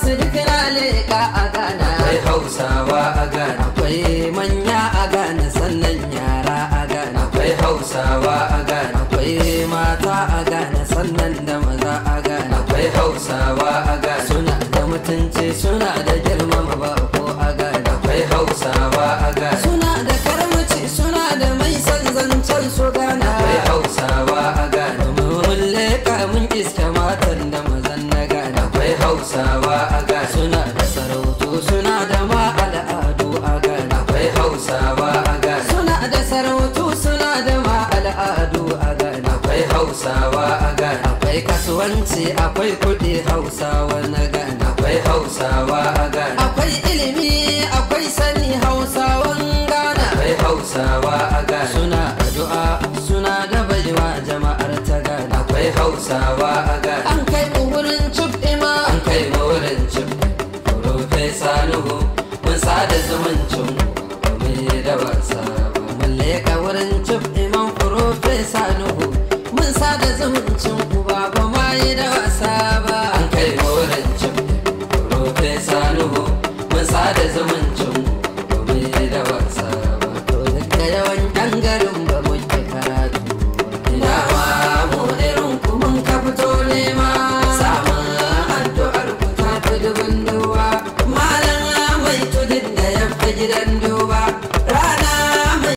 su duk laleka a gana akwai hausawa a gana akwai manya a gana sannan yara a gana akwai hausawa a gana akwai mata a gana sannan da maza a gana akwai hausawa a gana suna da mutunci suna da girmama hausawa a gana suna da sarautu suna da ma al'adu a gana akwai hausawa a gana suna da sarautu suna da ma al'adu a gana akwai hausawa a gana akwai kasuwanci akwai kuɗi hausawa na gana akwai hausawa a gana akwai ilimi akwai sani hausawan gana akwai hausawa a gana suna addu'a suna da baiwa jama'ar ta gana akwai hausawa a gana sada zumuncin mu da wasa mun leka wurin cif imam profesa nuhu mun sada zumuncin ku ba ba ma yi da wasa ba an kai wurin cif profesa nuhu mun sada zumuncin mu didn't do